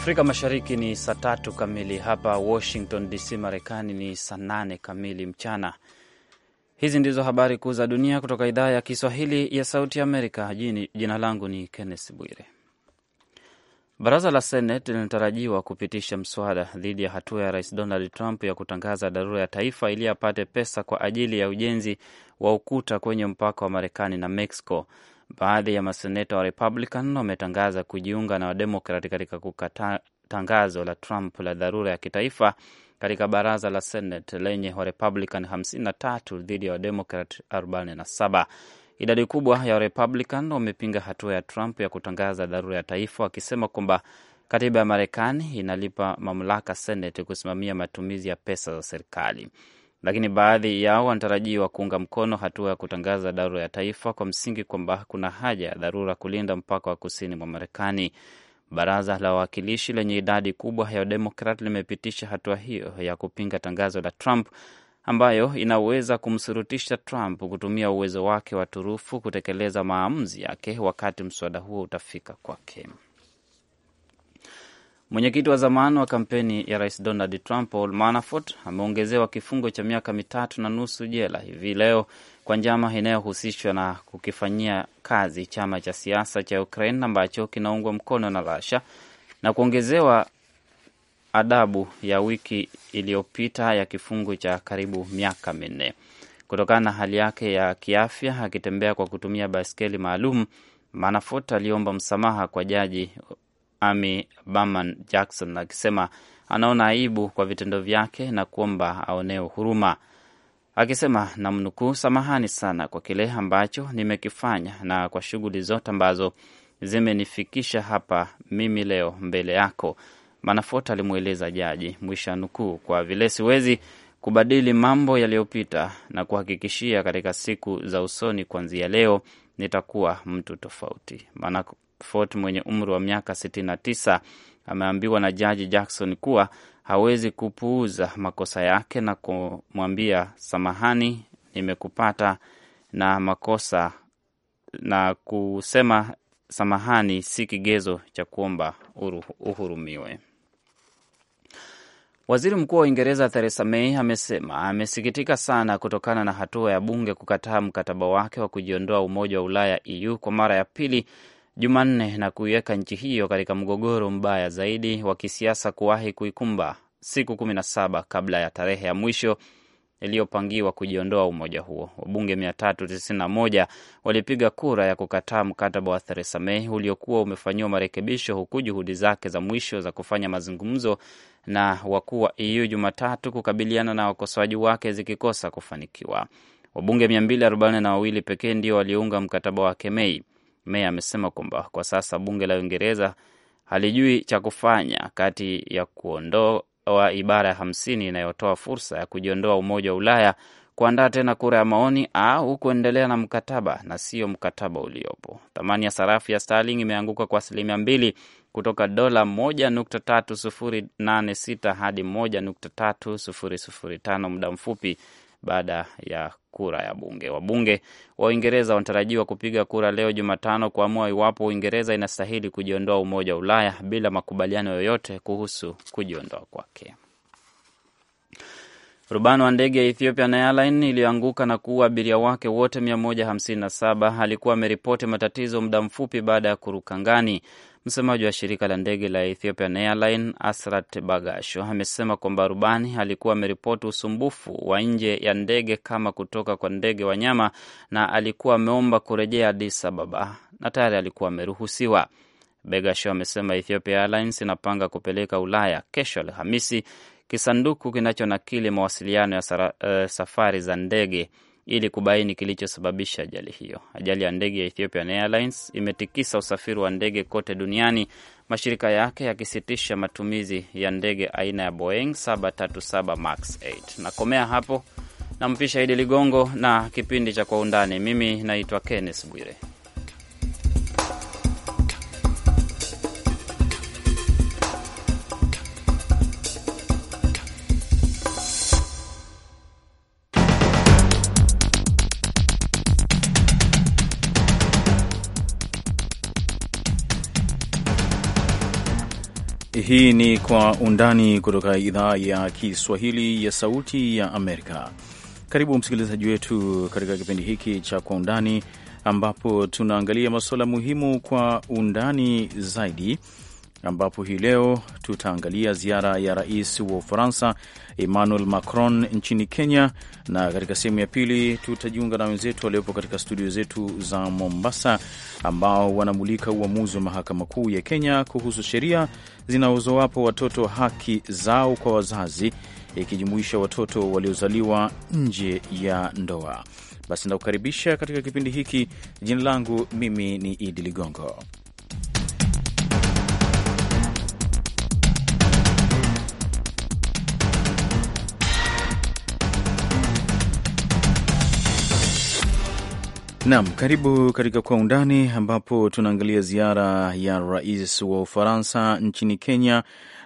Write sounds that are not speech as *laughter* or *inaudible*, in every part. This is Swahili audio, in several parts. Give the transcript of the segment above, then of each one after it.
Afrika Mashariki ni saa tatu kamili, hapa Washington DC Marekani ni saa nane kamili mchana. Hizi ndizo habari kuu za dunia kutoka idhaa ya Kiswahili ya Sauti ya Amerika. Jina langu ni Kenneth Bwire. Baraza la Seneti linatarajiwa kupitisha mswada dhidi ya hatua ya Rais Donald Trump ya kutangaza dharura ya taifa ili apate pesa kwa ajili ya ujenzi wa ukuta kwenye mpaka wa Marekani na Mexico. Baadhi ya maseneta wa Republican wametangaza kujiunga na Wademokrat katika kukata tangazo la Trump la dharura ya kitaifa katika baraza la Senate lenye Warepublican 53 dhidi ya Wademokrat 47. Idadi kubwa ya Warepublican wamepinga hatua ya Trump ya kutangaza dharura ya taifa, wakisema kwamba katiba ya Marekani inalipa mamlaka Senate kusimamia matumizi ya pesa za serikali lakini baadhi yao wanatarajiwa kuunga mkono hatua ya kutangaza dharura ya taifa kwa msingi kwamba kuna haja ya dharura kulinda mpaka wa kusini mwa Marekani. Baraza la Wawakilishi lenye idadi kubwa ya Wademokrat limepitisha hatua hiyo ya kupinga tangazo la Trump ambayo inaweza kumsurutisha Trump kutumia uwezo wake wa turufu kutekeleza maamuzi yake wakati mswada huo utafika kwake. Mwenyekiti wa zamani wa kampeni ya rais Donald Trump, Paul Manafort, ameongezewa kifungo cha miaka mitatu na nusu jela hivi leo kwa njama inayohusishwa na kukifanyia kazi chama cha siasa cha Ukraine ambacho kinaungwa mkono na Russia na kuongezewa adabu ya wiki iliyopita ya kifungo cha karibu miaka minne kutokana na hali yake ya kiafya. Akitembea kwa kutumia baskeli maalum, Manafort aliomba msamaha kwa jaji Amy Berman Jackson akisema anaona aibu kwa vitendo vyake na kuomba aonee huruma, akisema namnukuu, samahani sana kwa kile ambacho nimekifanya na kwa shughuli zote ambazo zimenifikisha hapa mimi leo mbele yako, Manafort alimweleza jaji, mwisho nukuu. Kwa vile siwezi kubadili mambo yaliyopita, na kuhakikishia katika siku za usoni kuanzia leo nitakuwa mtu tofauti. Ford mwenye umri wa miaka 69 ameambiwa na Jaji Jackson kuwa hawezi kupuuza makosa yake na kumwambia samahani, nimekupata na makosa, na kusema samahani si kigezo cha kuomba uhurumiwe. Waziri Mkuu wa Uingereza Theresa May amesema amesikitika sana kutokana na hatua ya bunge kukataa mkataba wake wa kujiondoa Umoja wa Ulaya EU kwa mara ya pili Jumanne na kuiweka nchi hiyo katika mgogoro mbaya zaidi wa kisiasa kuwahi kuikumba siku kumi na saba kabla ya tarehe ya mwisho iliyopangiwa kujiondoa umoja huo. Wabunge 391 walipiga kura ya kukataa mkataba wa Theresa May uliokuwa umefanyiwa marekebisho, huku juhudi zake za mwisho za kufanya mazungumzo na wakuu wa EU Jumatatu kukabiliana na wakosoaji wake zikikosa kufanikiwa. Wabunge 242 pekee ndio waliunga mkataba wake Mei. May amesema kwamba kwa sasa bunge la Uingereza halijui cha kufanya kati ya kuondoa ibara ya hamsini inayotoa fursa ya kujiondoa Umoja wa Ulaya, kuandaa tena kura ya maoni au kuendelea na mkataba na sio mkataba uliopo. Thamani ya sarafu ya sterling imeanguka kwa asilimia mbili kutoka dola moja nukta tatu sufuri nane sita hadi moja nukta tatu sufuri sufuri tano muda mfupi baada ya kura ya bunge. Wabunge wa Uingereza wanatarajiwa kupiga kura leo Jumatano kuamua iwapo Uingereza inastahili kujiondoa Umoja wa Ulaya bila makubaliano yoyote kuhusu kujiondoa kwake. Rubani wa ndege ya Ethiopian Airlines iliyoanguka na kuua abiria wake wote 157 alikuwa ameripoti matatizo muda mfupi baada ya kuruka ngani. Msemaji wa shirika la ndege la Ethiopian Airline Asrat Bagasho amesema kwamba rubani alikuwa ameripoti usumbufu wa nje ya ndege kama kutoka kwa ndege wanyama, na alikuwa ameomba kurejea Addis Ababa na tayari alikuwa ameruhusiwa. begasho amesema Ethiopia Airlines inapanga kupeleka Ulaya kesho Alhamisi kisanduku kinachonakili mawasiliano ya eh, safari za ndege ili kubaini kilichosababisha ajali hiyo. Ajali ya ndege ya Ethiopian Airlines imetikisa usafiri wa ndege kote duniani, mashirika yake yakisitisha matumizi ya ndege aina ya Boeing 737 Max 8. Nakomea hapo, nampisha Idi Ligongo na kipindi cha Kwa Undani. Mimi naitwa Kenneth Bwire. Hii ni Kwa Undani kutoka idhaa ya Kiswahili ya Sauti ya Amerika. Karibu msikilizaji wetu katika kipindi hiki cha Kwa Undani, ambapo tunaangalia masuala muhimu kwa undani zaidi, ambapo hii leo tutaangalia ziara ya rais wa Ufaransa Emmanuel Macron nchini Kenya, na katika sehemu ya pili tutajiunga na wenzetu waliopo katika studio zetu za Mombasa ambao wanamulika uamuzi wa mahakama kuu ya Kenya kuhusu sheria zinazowapa watoto haki zao kwa wazazi ikijumuisha watoto waliozaliwa nje ya ndoa. Basi nakukaribisha katika kipindi hiki. Jina langu mimi ni Idi Ligongo. Naam, karibu katika Kwa Undani, ambapo tunaangalia ziara ya rais wa Ufaransa nchini Kenya,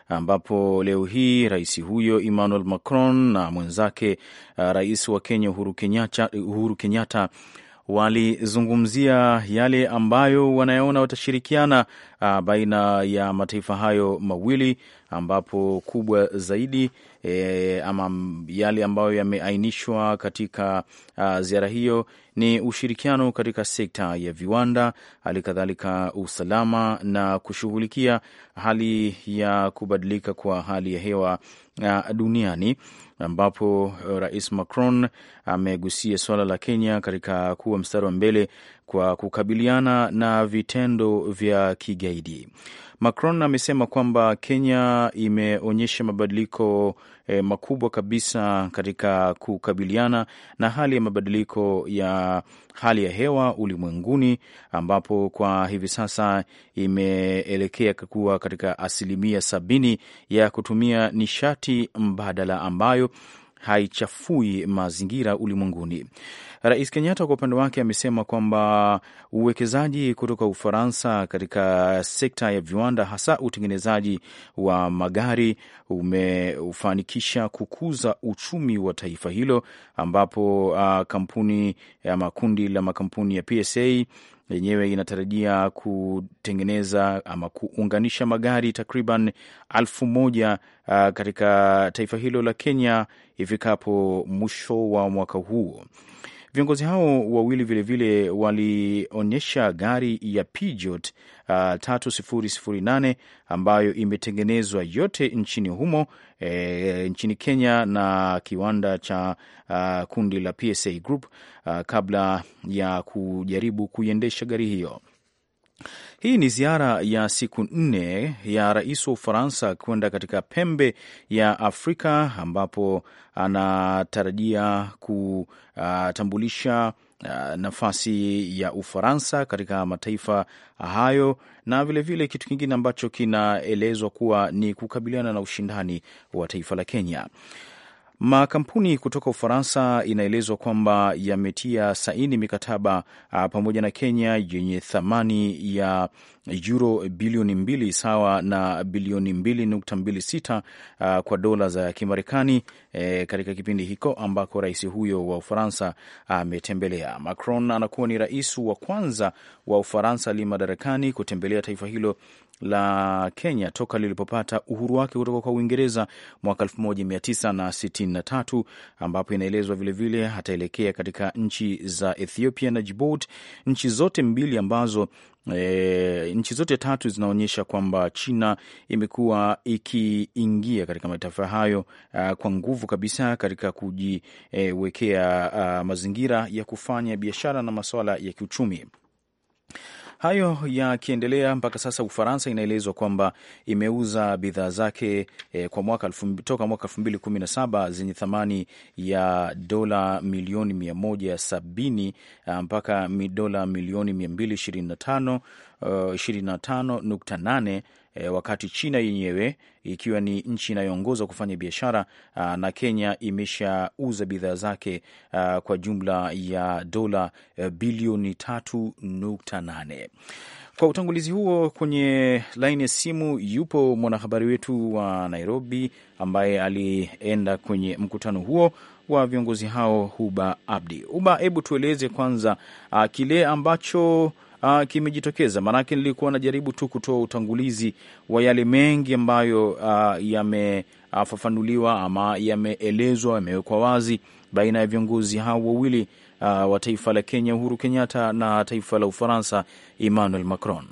ambapo leo hii rais huyo Emmanuel Macron na mwenzake uh, rais wa Kenya Uhuru Kenyatta walizungumzia yale ambayo wanayaona watashirikiana uh, baina ya mataifa hayo mawili, ambapo kubwa zaidi e, ama yale ambayo yameainishwa katika a, ziara hiyo ni ushirikiano katika sekta ya viwanda, hali kadhalika usalama na kushughulikia hali ya kubadilika kwa hali ya hewa a, duniani ambapo Rais Macron amegusia suala la Kenya katika kuwa mstari wa mbele kwa kukabiliana na vitendo vya kigaidi. Macron amesema kwamba Kenya imeonyesha mabadiliko eh, makubwa kabisa katika kukabiliana na hali ya mabadiliko ya hali ya hewa ulimwenguni, ambapo kwa hivi sasa imeelekea kuwa katika asilimia sabini ya kutumia nishati mbadala ambayo haichafui mazingira ulimwenguni. Rais Kenyatta kwa upande wake amesema kwamba uwekezaji kutoka Ufaransa katika sekta ya viwanda, hasa utengenezaji wa magari umeufanikisha kukuza uchumi wa taifa hilo, ambapo uh, kampuni ama kundi la makampuni ya PSA yenyewe inatarajia kutengeneza ama kuunganisha magari takriban alfu moja uh, katika taifa hilo la Kenya ifikapo mwisho wa mwaka huo Viongozi hao wawili vilevile walionyesha gari ya Peugeot uh, 3008 ambayo imetengenezwa yote nchini humo e, nchini Kenya na kiwanda cha uh, kundi la PSA Group uh, kabla ya kujaribu kuiendesha gari hiyo. Hii ni ziara ya siku nne ya rais wa Ufaransa kwenda katika pembe ya Afrika ambapo anatarajia kutambulisha uh, nafasi ya Ufaransa katika mataifa hayo na vilevile vile kitu kingine ambacho kinaelezwa kuwa ni kukabiliana na ushindani wa taifa la Kenya. Makampuni kutoka Ufaransa inaelezwa kwamba yametia saini mikataba a, ah, pamoja na Kenya yenye thamani ya euro bilioni mbili sawa na bilioni mbili nukta mbili sita ah, kwa dola za Kimarekani e, katika kipindi hiko ambako rais huyo wa Ufaransa ametembelea. Macron anakuwa ni rais wa kwanza wa Ufaransa ali madarakani kutembelea taifa hilo la Kenya toka lilipopata uhuru wake kutoka kwa Uingereza mwaka 1963 ambapo inaelezwa vilevile ataelekea katika nchi za Ethiopia na Djibouti, nchi zote mbili ambazo E, nchi zote tatu zinaonyesha kwamba China imekuwa ikiingia katika mataifa hayo uh, kwa nguvu kabisa katika kujiwekea uh, mazingira ya kufanya biashara na masuala ya kiuchumi. Hayo yakiendelea mpaka sasa, Ufaransa inaelezwa kwamba imeuza bidhaa zake e, kwa mwaka toka mwaka saba zenye thamani ya dola milioni mia moja sabini ah, mpaka dola milioni mia mbili eh, na tano nukta nane e, wakati China yenyewe ikiwa ni nchi inayoongoza kufanya biashara na Kenya imeshauza bidhaa zake a, kwa jumla ya dola e, bilioni tatu nukta nane. Kwa utangulizi huo, kwenye laini ya simu yupo mwanahabari wetu wa Nairobi ambaye alienda kwenye mkutano huo wa viongozi hao, Huba Abdi. Huba, hebu tueleze kwanza a, kile ambacho uh, kimejitokeza? Maanake nilikuwa najaribu tu kutoa utangulizi wa yale mengi ambayo uh, yamefafanuliwa ama yameelezwa, yamewekwa wazi baina ya viongozi hao wawili uh, wa taifa la Kenya Uhuru Kenyatta na taifa la Ufaransa Emmanuel Macron.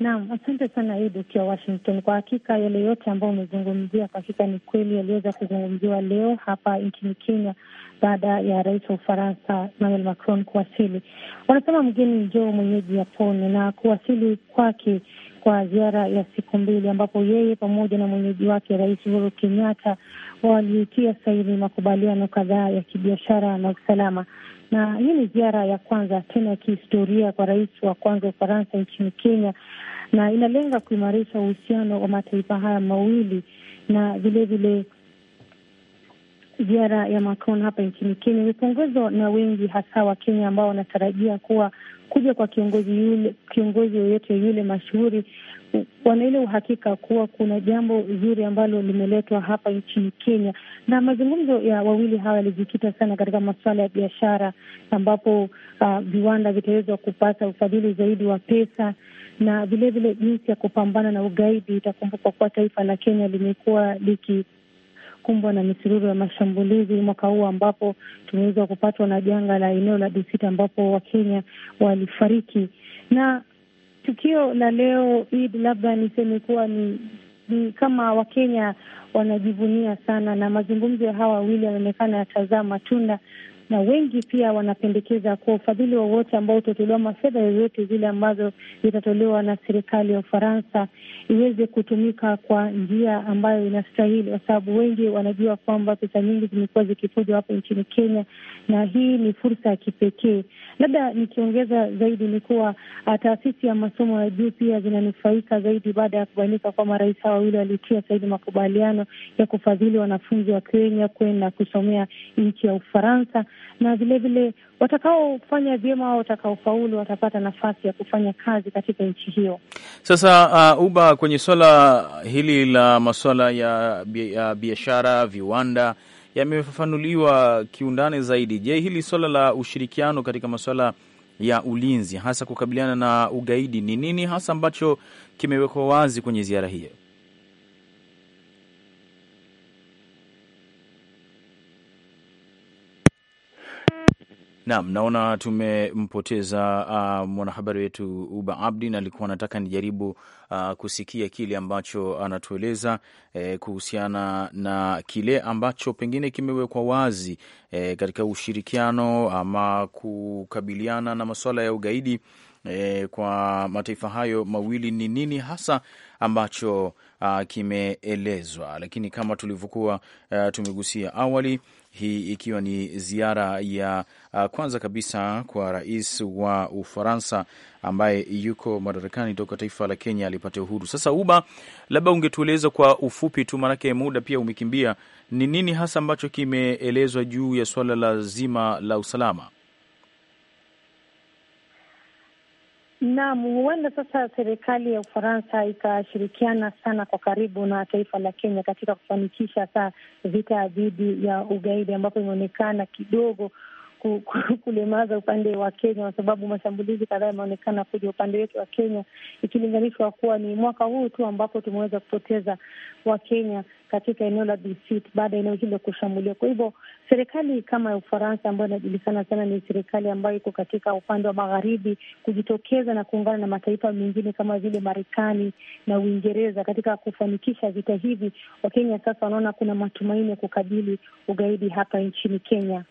Naam, asante sana Idi ukiwa Washington. Kwa hakika yale yote ambayo umezungumzia kwa hakika ni kweli, yaliweza kuzungumziwa leo hapa nchini Kenya baada ya rais wa Ufaransa Emmanuel Macron kuwasili. Wanasema mgeni njoo mwenyeji yapone, na kuwasili kwake kwa ziara ya siku mbili ambapo yeye pamoja na mwenyeji wake Rais Uhuru Kenyatta walitia saini makubaliano kadhaa ya kibiashara na usalama na hii ni ziara ya kwanza tena ya kihistoria kwa rais wa kwanza wa Ufaransa nchini Kenya, na inalenga kuimarisha uhusiano wa mataifa haya mawili na vilevile ziara ya Macron hapa nchini Kenya imepongezwa na wengi, hasa Wakenya ambao wanatarajia kuwa kuja kwa kiongozi yule, kiongozi yoyote yule mashuhuri, wana ile uhakika kuwa kuna jambo zuri ambalo limeletwa hapa nchini Kenya. Na mazungumzo ya wawili hawa yalijikita sana katika masuala ya biashara, ambapo uh, viwanda vitawezwa vitaweza kupata ufadhili zaidi wa pesa na vilevile jinsi ya kupambana na ugaidi. Itakumbukwa kuwa taifa la Kenya limekuwa liki kukumbwa na misururu ya mashambulizi mwaka huu, ambapo tumeweza kupatwa na janga la eneo la Dusit ambapo Wakenya walifariki. Na tukio la leo Eid, labda niseme kuwa ni ni kama Wakenya wanajivunia sana, na mazungumzo ya hawa wawili yanaonekana yatazaa matunda na wengi pia wanapendekeza kwa ufadhili wowote ambao utatolewa, mafedha yoyote zile ambazo zitatolewa na serikali ya Ufaransa iweze kutumika kwa njia ambayo inastahili, kwa sababu wengi wanajua kwamba pesa nyingi zimekuwa zikifujwa hapa nchini Kenya, na hii ni fursa ya kipekee. Labda nikiongeza zaidi ni kuwa ah, taasisi ya masomo ya juu pia zinanufaika zaidi baada ya kubainika kwa marais hawa wawili walitia saini makubaliano ya kufadhili wanafunzi wa Kenya kwenda kusomea nchi ya Ufaransa na vilevile watakaofanya vyema au watakaofaulu watapata nafasi ya kufanya kazi katika nchi hiyo. Sasa uh, uba kwenye swala hili la masuala ya biashara, viwanda yamefafanuliwa kiundani zaidi. Je, hili swala la ushirikiano katika masuala ya ulinzi hasa kukabiliana na ugaidi ni nini hasa ambacho kimewekwa wazi kwenye ziara hiyo? Naam, naona tumempoteza uh, mwanahabari wetu Uba Abdi, na alikuwa anataka nijaribu uh, kusikia kile ambacho anatueleza eh, kuhusiana na kile ambacho pengine kimewekwa wazi eh, katika ushirikiano ama kukabiliana na masuala ya ugaidi e, kwa mataifa hayo mawili ni nini hasa ambacho uh, kimeelezwa. Lakini kama tulivyokuwa uh, tumegusia awali, hii ikiwa ni ziara ya uh, kwanza kabisa kwa rais wa Ufaransa ambaye yuko madarakani toka taifa la Kenya alipata uhuru. Sasa Uba, labda ungetueleza kwa ufupi tu, maanake muda pia umekimbia, ni nini hasa ambacho kimeelezwa juu ya suala la zima la usalama? Naam, huenda sasa serikali ya Ufaransa ikashirikiana sana kwa karibu na taifa la Kenya katika kufanikisha saa vita dhidi ya ugaidi, ambapo imeonekana kidogo kulemaza upande wa Kenya kwa sababu mashambulizi kadhaa yameonekana kuja upande wetu wa Kenya, ikilinganishwa kuwa ni mwaka huu tu ambapo tumeweza kupoteza Wakenya katika eneo la Bisit baada ya eneo hilo kushambuliwa. Kwa hivyo serikali kama ya Ufaransa ambayo inajulikana sana ni serikali ambayo iko katika upande wa magharibi, kujitokeza na kuungana na mataifa mengine kama vile Marekani na Uingereza katika kufanikisha vita hivi, Wakenya sasa wanaona kuna matumaini ya kukabili ugaidi hapa nchini Kenya.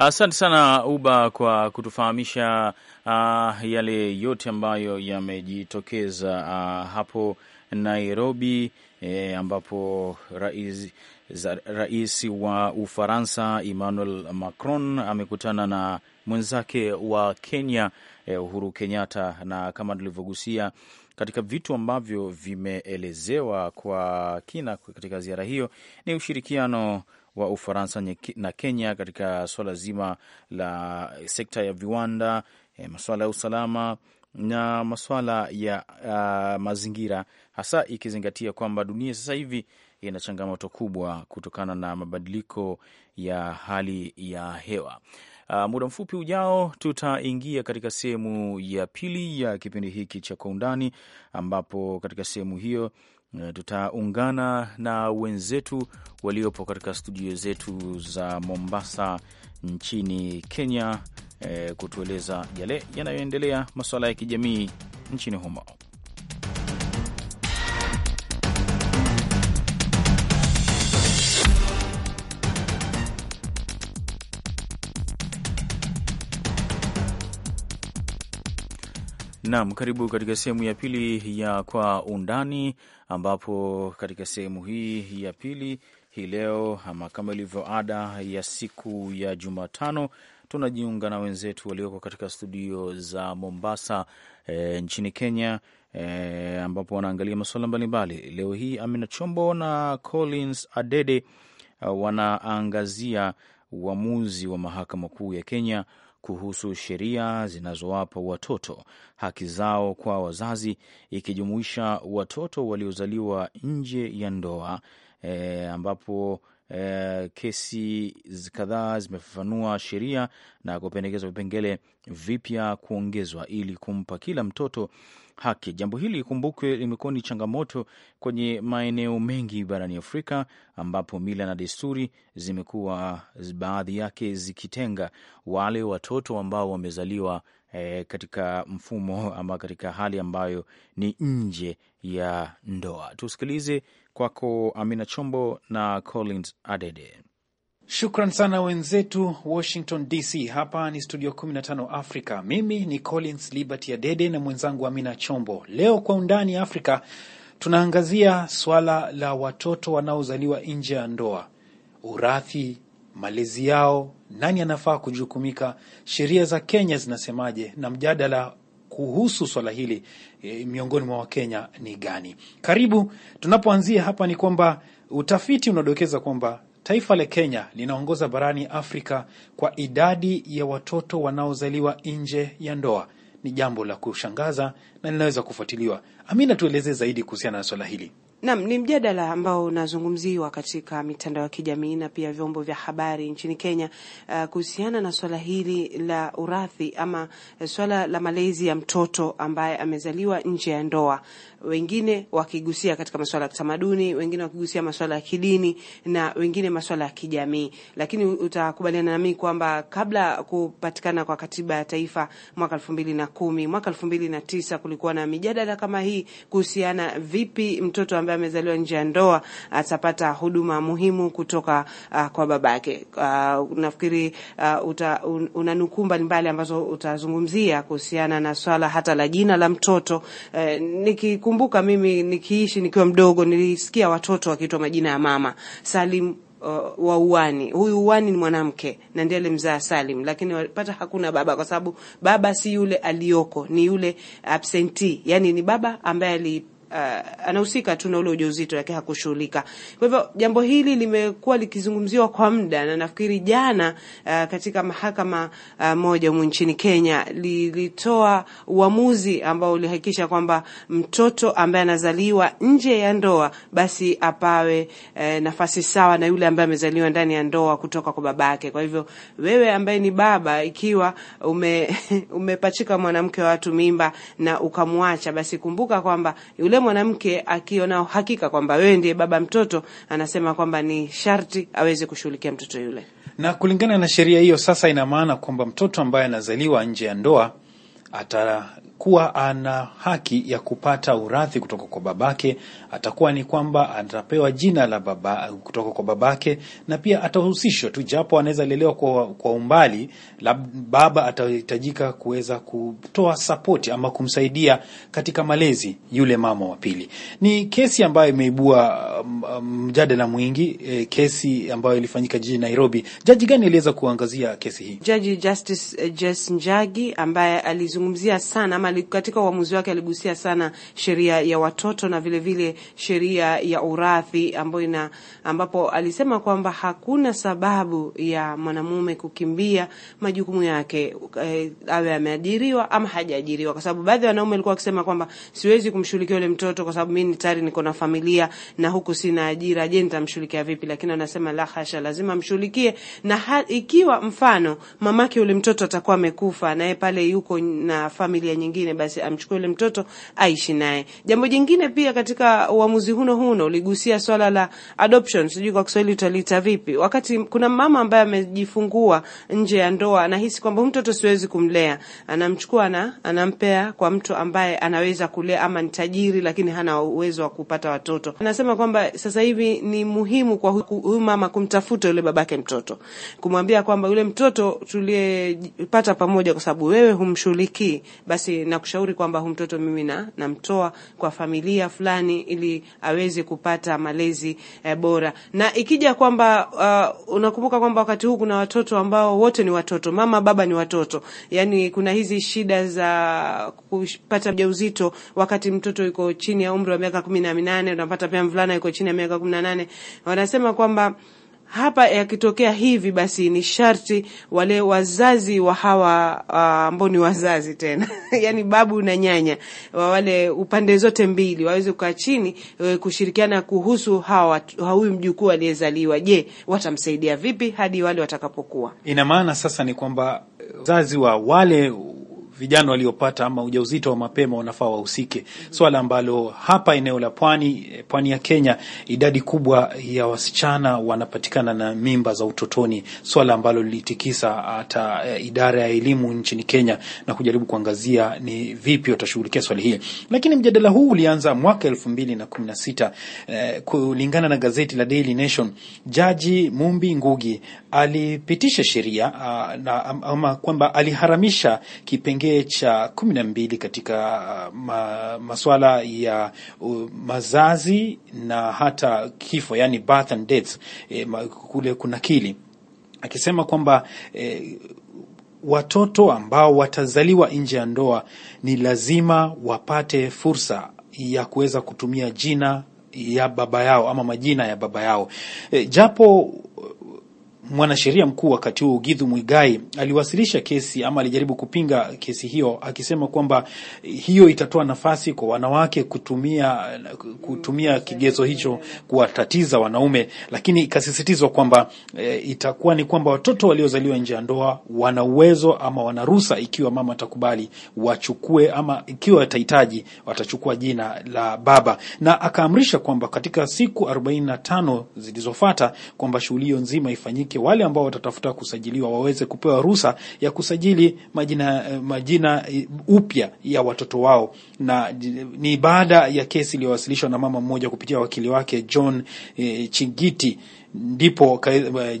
Asante sana Uba kwa kutufahamisha uh, yale yote ambayo yamejitokeza uh, hapo Nairobi eh, ambapo rais, za, rais wa Ufaransa Emmanuel Macron amekutana na mwenzake wa Kenya eh, Uhuru Kenyatta, na kama tulivyogusia katika vitu ambavyo vimeelezewa kwa kina katika ziara hiyo ni ushirikiano wa Ufaransa na Kenya katika swala zima la sekta ya viwanda, eh, masuala ya usalama na masuala ya uh, mazingira, hasa ikizingatia kwamba dunia sasa hivi ina changamoto kubwa kutokana na mabadiliko ya hali ya hewa. Uh, muda mfupi ujao tutaingia katika sehemu ya pili ya kipindi hiki cha Kwa Undani, ambapo katika sehemu hiyo tutaungana na wenzetu waliopo katika studio zetu za Mombasa nchini Kenya, e, kutueleza yale yanayoendelea masuala ya kijamii nchini humo. Naam, karibu katika sehemu ya pili ya Kwa Undani, ambapo katika sehemu hii ya pili hii leo, ama kama ilivyo ada ya siku ya Jumatano, tunajiunga na wenzetu walioko katika studio za Mombasa e, nchini Kenya e, ambapo wanaangalia masuala mbalimbali. Leo hii Amina Chombo na Collins Adede e, wanaangazia uamuzi wa mahakama kuu ya Kenya kuhusu sheria zinazowapa watoto haki zao kwa wazazi, ikijumuisha watoto waliozaliwa nje ya ndoa e, ambapo Eh, kesi kadhaa zimefafanua sheria na kupendekeza vipengele vipya kuongezwa ili kumpa kila mtoto haki. Jambo hili ikumbukwe, limekuwa ni changamoto kwenye maeneo mengi barani Afrika, ambapo mila na desturi zimekuwa baadhi yake zikitenga wale watoto ambao wamezaliwa E, katika mfumo ama katika hali ambayo ni nje ya ndoa. Tusikilize kwako Amina Chombo na Collins Adede. Shukran sana wenzetu Washington DC. Hapa ni studio 15 Africa. Mimi ni Collins Liberty Adede na mwenzangu Amina Chombo. Leo kwa undani Afrika tunaangazia swala la watoto wanaozaliwa nje ya ndoa, urathi, malezi yao, nani anafaa kujukumika, sheria za Kenya zinasemaje, na mjadala kuhusu swala hili e, miongoni mwa Wakenya ni gani? Karibu. Tunapoanzia hapa ni kwamba utafiti unadokeza kwamba taifa la Kenya linaongoza barani Afrika kwa idadi ya watoto wanaozaliwa nje ya ndoa. Ni jambo la kushangaza na linaweza kufuatiliwa. Amina, tueleze zaidi kuhusiana na swala hili. Naam, ni mjadala ambao unazungumziwa katika mitandao ya kijamii na pia vyombo vya habari nchini Kenya uh, kuhusiana na swala hili la urathi ama swala la malezi ya mtoto ambaye amezaliwa nje ya ndoa wengine wakigusia katika masuala ya kitamaduni, wengine wakigusia masuala ya kidini na wengine masuala ya kijamii. Lakini utakubaliana nami kwamba kabla kupatikana kwa katiba ya taifa mwaka elfu mbili na kumi, mwaka elfu mbili na tisa kulikuwa na mijadala kama hii kuhusiana vipi mtoto ambaye amezaliwa nje ya ndoa atapata huduma muhimu kutoka uh, kwa babake. Uh, nafikiri uh, uta, un, una nukuu mbalimbali ambazo utazungumzia kuhusiana na swala hata la jina la mtoto uh, nikiku nakumbuka mimi nikiishi nikiwa mdogo nilisikia watoto wakiitwa majina ya mama Salim Uh, wa uwani huyu uani ni mwanamke na ndiye alimzaa Salim, lakini walipata hakuna baba, kwa sababu baba si yule aliyoko, ni yule absentee, yani ni baba ambaye ali uh, anahusika tu na ule ujauzito, lakini hakushughulika. Kwa hivyo jambo hili limekuwa likizungumziwa kwa muda na nafikiri jana, uh, katika mahakama uh, moja humu nchini Kenya lilitoa uamuzi ambao ulihakikisha kwamba mtoto ambaye anazaliwa nje ya ndoa basi apawe eh, nafasi sawa na yule ambaye amezaliwa ndani ya ndoa kutoka kwa baba yake. Kwa hivyo wewe ambaye ni baba, ikiwa ume, *laughs* umepachika mwanamke wa watu mimba na ukamwacha, basi kumbuka kwamba yule yule mwanamke akiona uhakika kwamba wewe ndiye baba mtoto, anasema kwamba ni sharti aweze kushughulikia mtoto yule. Na kulingana na sheria hiyo, sasa ina maana kwamba mtoto ambaye anazaliwa nje ya ndoa ata kuwa ana haki ya kupata urithi kutoka kwa babake, atakuwa ni kwamba atapewa jina la baba kutoka kwa babake, na pia atahusishwa tu, japo anaweza lelewa kwa, kwa umbali la baba atahitajika kuweza kutoa sapoti ama kumsaidia katika malezi yule mama wa pili. Ni kesi ambayo imeibua mjadala um, um, mwingi e, kesi ambayo ilifanyika jijini Nairobi. Jaji gani aliweza kuangazia kesi hii? Jaji Justice eh, Jess Njagi ambaye alizungumzia sana ama katika uamuzi wake aligusia sana sheria ya watoto na vile vile sheria ya urathi ambayo ina ambapo alisema kwamba hakuna sababu ya mwanamume kukimbia majukumu yake eh, awe ameajiriwa ama hajaajiriwa, kwa sababu baadhi ya wanaume walikuwa wakisema kwamba siwezi kumshughulikia yule mtoto kwa sababu mimi tayari niko na familia na huku sina ajira, je, nitamshughulikia vipi? Lakini anasema la hasha, lazima mshughulikie na ha, ikiwa mfano mamake yule mtoto atakuwa amekufa naye pale yuko na familia nyingine mwingine, basi amchukue yule mtoto aishi naye. Jambo jingine pia katika uamuzi huno huno uligusia swala la adoption, sijui kwa Kiswahili utaliita vipi, wakati kuna mama ambaye amejifungua nje ya ndoa, anahisi kwamba mtoto siwezi kumlea, anamchukua na anampea kwa mtu ambaye anaweza kulea ama ni tajiri, lakini hana uwezo wa kupata watoto. Anasema kwamba sasa hivi ni muhimu kwa huyu mama kumtafuta yule babake mtoto, kumwambia kwamba yule mtoto tuliyepata pamoja, kwa sababu wewe humshughulikii, basi nakushauri kwamba hu mtoto mimi na namtoa kwa familia fulani ili aweze kupata malezi eh, bora. Na ikija kwamba uh, unakumbuka kwamba wakati huu kuna watoto ambao wote ni watoto, mama baba ni watoto, yani kuna hizi shida za kupata ujauzito wakati mtoto yuko chini ya umri wa miaka kumi na minane. Unapata pia mvulana yuko chini ya miaka kumi na nane. Wanasema kwamba hapa yakitokea hivi basi ni sharti wale wazazi wa hawa ah, ambao ni wazazi tena *laughs* yani babu na nyanya wa wale upande zote mbili waweze kukaa chini eh, kushirikiana kuhusu hawa huyu mjukuu aliyezaliwa. Je, watamsaidia vipi hadi wale watakapokuwa? Ina maana sasa ni kwamba eh, wazazi wa wale vijana waliopata ama ujauzito wa mapema wanafaa wahusike, swala ambalo hapa eneo la pwani, eh, pwani ya Kenya, idadi kubwa ya wasichana wanapatikana na mimba za utotoni, swala ambalo lilitikisa hata e, idara ya elimu nchini Kenya na kujaribu kuangazia ni vipi watashughulikia swali hili. Lakini mjadala huu ulianza mwaka elfu mbili na kumi na sita e, kulingana na gazeti la Daily Nation, Jaji Mumbi Ngugi alipitisha sheria ah, na ama kwamba aliharamisha kipengele kipengee cha kumi na mbili katika uh, ma, maswala ya uh, mazazi na hata kifo, yani birth and death, eh, kule kili akisema kwamba eh, watoto ambao watazaliwa nje ya ndoa ni lazima wapate fursa ya kuweza kutumia jina ya baba yao ama majina ya baba yao. E, japo Mwanasheria mkuu wakati huo Githu Mwigai aliwasilisha kesi ama alijaribu kupinga kesi hiyo akisema kwamba hiyo itatoa nafasi kwa wanawake kutumia kutumia kigezo hicho kuwatatiza wanaume, lakini ikasisitizwa kwamba e, itakuwa ni kwamba watoto waliozaliwa nje ya ndoa wana uwezo ama wana ruhusa, ikiwa mama atakubali wachukue, ama ikiwa watahitaji watachukua jina la baba, na akaamrisha kwamba katika siku 45 zilizofuata kwamba shughuli hiyo nzima ifanyike wale ambao watatafuta kusajiliwa waweze kupewa ruhusa ya kusajili majina, eh, majina eh, upya ya watoto wao, na ni baada ya kesi iliyowasilishwa na mama mmoja kupitia wakili wake John eh, Chingiti ndipo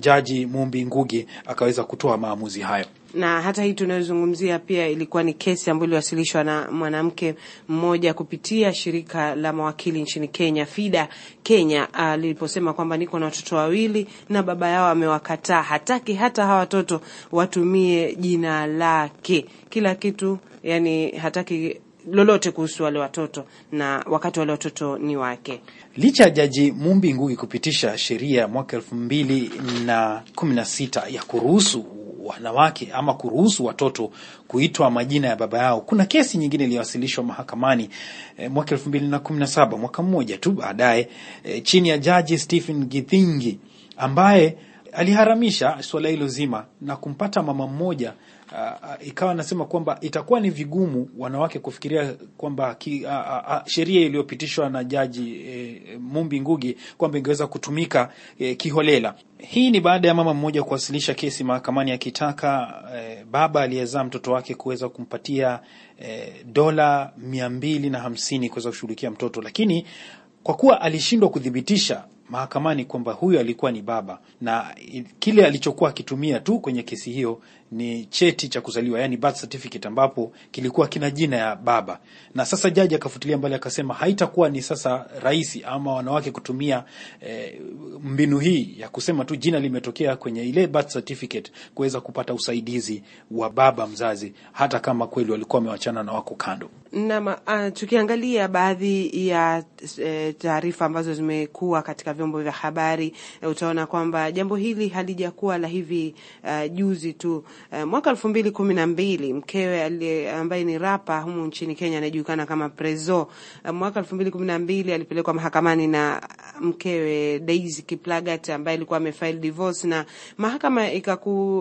jaji Mumbi Ngugi akaweza kutoa maamuzi hayo na hata hii tunayozungumzia pia ilikuwa ni kesi ambayo iliwasilishwa na mwanamke mmoja kupitia shirika la mawakili nchini Kenya, FIDA Kenya, uh, liliposema kwamba niko na watoto wawili na baba yao amewakataa, hataki hata hawa watoto watumie jina lake, kila kitu yani hataki lolote kuhusu wale watoto na wakati wale watoto ni wake. Licha ya Jaji Mumbi Ngugi kupitisha sheria mwaka elfu mbili na kumi na sita ya kuruhusu wanawake ama kuruhusu watoto kuitwa majina ya baba yao. Kuna kesi nyingine iliyowasilishwa mahakamani e, mwaka saba mwaka mmoja tu baadaye e, chini ya Jaji Stephen Githingi ambaye aliharamisha suala hilo zima na kumpata mama mmoja uh, ikawa nasema kwamba itakuwa ni vigumu wanawake kufikiria kwamba uh, uh, sheria iliyopitishwa na jaji uh, Mumbi Ngugi kwamba ingeweza kutumika uh, kiholela. Hii ni baada ya mama mmoja kuwasilisha kesi mahakamani akitaka uh, baba aliyezaa mtoto wake kuweza kumpatia uh, dola mia mbili na hamsini kuweza kushughulikia mtoto, lakini kwa kuwa alishindwa kuthibitisha mahakamani kwamba huyo alikuwa ni baba na kile alichokuwa akitumia tu kwenye kesi hiyo ni cheti cha kuzaliwa yani birth certificate, ambapo kilikuwa kina jina ya baba, na sasa jaji akafutilia mbali akasema haitakuwa ni sasa rahisi ama wanawake kutumia e, mbinu hii ya kusema tu jina limetokea kwenye ile birth certificate kuweza kupata usaidizi wa baba mzazi, hata kama kweli walikuwa wamewachana na wako kando. Na uh, ah, tukiangalia baadhi ya e, taarifa ambazo zimekuwa katika vyombo vya habari e, utaona kwamba jambo hili halijakuwa la hivi uh, juzi tu Eh, mwaka elfu mbili kumi na mbili mkewe ambaye ni rapa humu nchini Kenya anayejulikana kama Prezo, eh, mwaka elfu mbili kumi na mbili alipelekwa mahakamani na mkewe Daisy Kiplagat ambaye alikuwa amefile divorce, na mahakama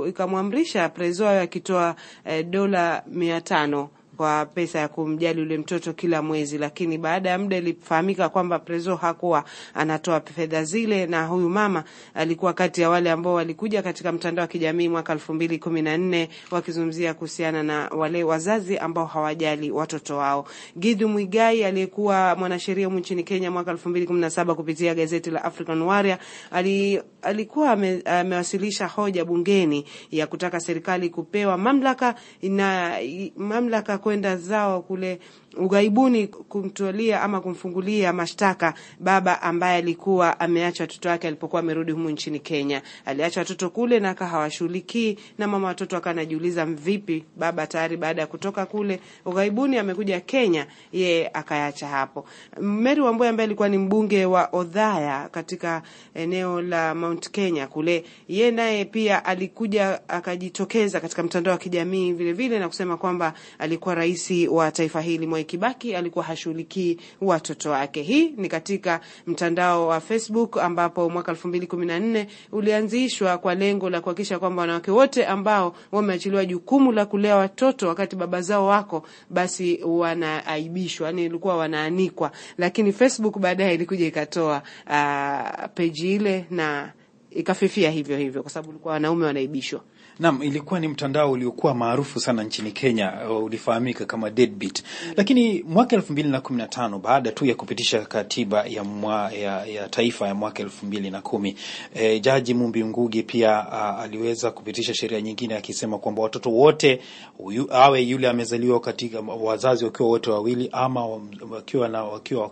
ikamwamrisha Prezo ayo akitoa eh, dola mia tano kwa pesa ya kumjali yule mtoto kila mwezi, lakini baada ya muda ilifahamika kwamba Prezo hakuwa anatoa fedha zile, na huyu mama alikuwa kati ya wale ambao walikuja katika mtandao wa kijamii mwaka 2014 wakizungumzia kuhusiana na wale wazazi ambao hawajali watoto wao. Gidu Mwigai aliyekuwa mwanasheria humu nchini Kenya mwaka 2017 kupitia gazeti la African Warrior ali, alikuwa amewasilisha hoja bungeni ya kutaka serikali kupewa mamlaka na mamlaka kwenda zao kule ughaibuni kumtolia ama kumfungulia mashtaka baba ambaye alikuwa ameacha watoto wake alipokuwa amerudi humu nchini Kenya. Aliacha watoto kule na hawashughulikii, na mama watoto akawa anajiuliza vipi, baba tayari baada ya kutoka kule ughaibuni amekuja Kenya, yeye akayaacha hapo. Mary Wambui ambaye alikuwa ni mbunge wa Odhaya katika eneo la Mount Kenya kule, ye naye pia alikuja akajitokeza katika mtandao wa kijamii vilevile na kusema kwamba alikuwa rais wa taifa hili Mwai Kibaki alikuwa hashughulikii watoto wake. Hii ni katika mtandao wa Facebook ambapo mwaka 2014 ulianzishwa kwa lengo la kuhakikisha kwamba wanawake wote ambao wameachiliwa jukumu la kulea watoto wakati baba zao wako, basi wanaaibishwa, yani ilikuwa wanaanikwa. Lakini Facebook baadaye ilikuja ikatoa uh, peji ile na ikafifia hivyo hivyo, kwa sababu ulikuwa wanaume wanaibishwa. Naam, ilikuwa ni mtandao uliokuwa maarufu sana nchini Kenya, uh, ulifahamika kama Deadbeat. Lakini mwaka 2015 baada tu ya kupitisha katiba ya, mwa, ya, ya taifa ya mwaka 2010 e, eh, Jaji Mumbi Ngugi pia a, uh, aliweza kupitisha sheria nyingine akisema kwamba watoto wote uyu, awe yule amezaliwa katika wazazi wakiwa wote wawili ama wakiwa na wakiwa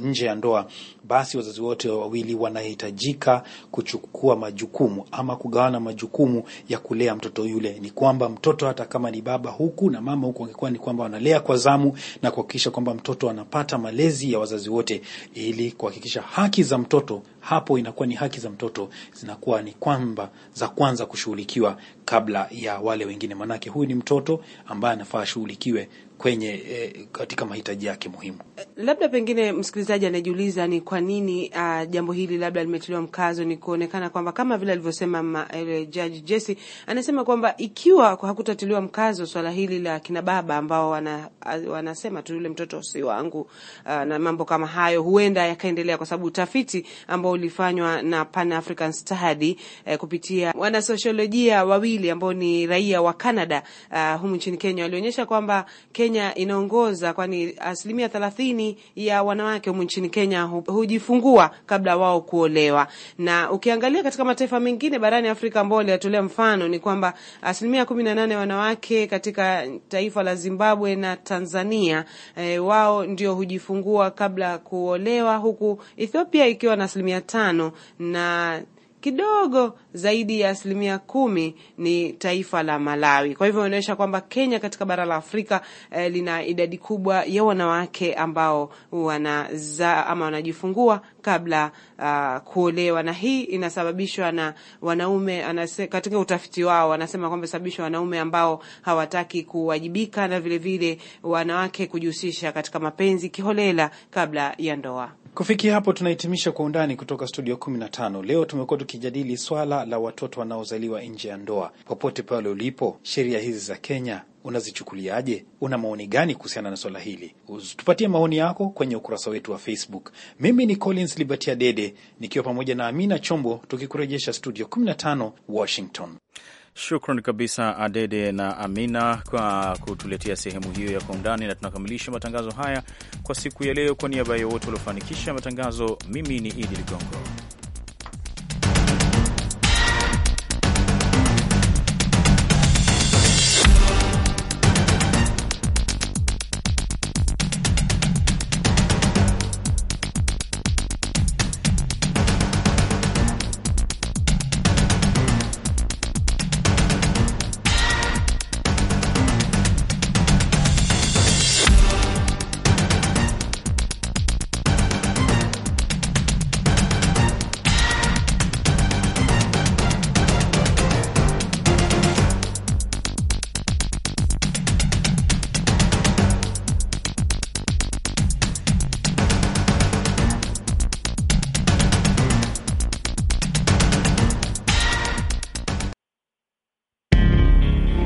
nje ya ndoa, basi wazazi wote wawili wanahitajika kuchukua majukumu ama kugawana majukumu ya kulea ya mtoto yule. Ni kwamba mtoto hata kama ni baba huku na mama huku, angekuwa ni kwamba wanalea kwa zamu na kuhakikisha kwamba mtoto anapata malezi ya wazazi wote, ili kuhakikisha haki za mtoto hapo inakuwa ni haki za mtoto zinakuwa ni kwamba za kwanza kushughulikiwa kabla ya wale wengine, manake huyu ni mtoto ambaye anafaa ashughulikiwe kwenye eh, katika mahitaji yake muhimu. Labda pengine msikilizaji anajiuliza ni kwa nini uh, jambo hili labda limetolewa mkazo, ni kuonekana kwamba kama vile alivyosema uh, Judge Jesse anasema kwamba ikiwa kwa hakutatiliwa mkazo swala hili la kina baba ambao wana, uh, wanasema tu yule mtoto si wangu uh, na mambo kama hayo huenda yakaendelea, kwa sababu utafiti ambao ulifanywa na Pan African Study uh, kupitia wanasosiolojia wawili ambao ni raia wa Canada uh, humu nchini Kenya walionyesha kwamba Kenya Kenya inaongoza, kwani asilimia thelathini ya wanawake humu nchini Kenya hujifungua kabla wao kuolewa, na ukiangalia katika mataifa mengine barani Afrika ambao aliatolea mfano ni kwamba asilimia kumi na nane wanawake katika taifa la Zimbabwe na Tanzania e, wao ndio hujifungua kabla kuolewa, huku Ethiopia ikiwa na asilimia tano na kidogo zaidi ya asilimia kumi ni taifa la Malawi. Kwa hivyo inaonyesha kwamba Kenya katika bara la Afrika eh, lina idadi kubwa ya wanawake ambao wanazaa ama wanajifungua kabla uh, kuolewa, na hii inasababishwa na wanaume anase, katika utafiti wao wanasema kwamba sababishwa wanaume ambao hawataki kuwajibika na vilevile vile wanawake kujihusisha katika mapenzi kiholela kabla ya ndoa. Kufikia hapo tunahitimisha Kwa Undani kutoka studio 15. Leo tumekuwa tukijadili swala la watoto wanaozaliwa nje ya ndoa. Popote pale ulipo, sheria hizi za Kenya unazichukuliaje? Una maoni gani kuhusiana na swala hili? Tupatie maoni yako kwenye ukurasa wetu wa Facebook. Mimi ni Collins Libertia Dede nikiwa pamoja na Amina Chombo, tukikurejesha studio 15 Washington. Shukran kabisa Adede na Amina kwa kutuletea sehemu hiyo ya Kwa Undani, na tunakamilisha matangazo haya kwa siku ya leo. Kwa niaba ya wote waliofanikisha matangazo, mimi ni Idi Ligongo.